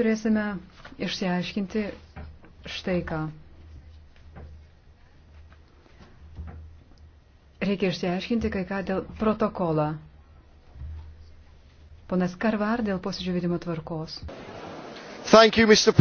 Turėsime išsiaiškinti štai ką. Reikia išsiaiškinti kai ką dėl protokolą. Ponas Karvar dėl posėdžio vedimo tvarkos. Thank you, Mr. President.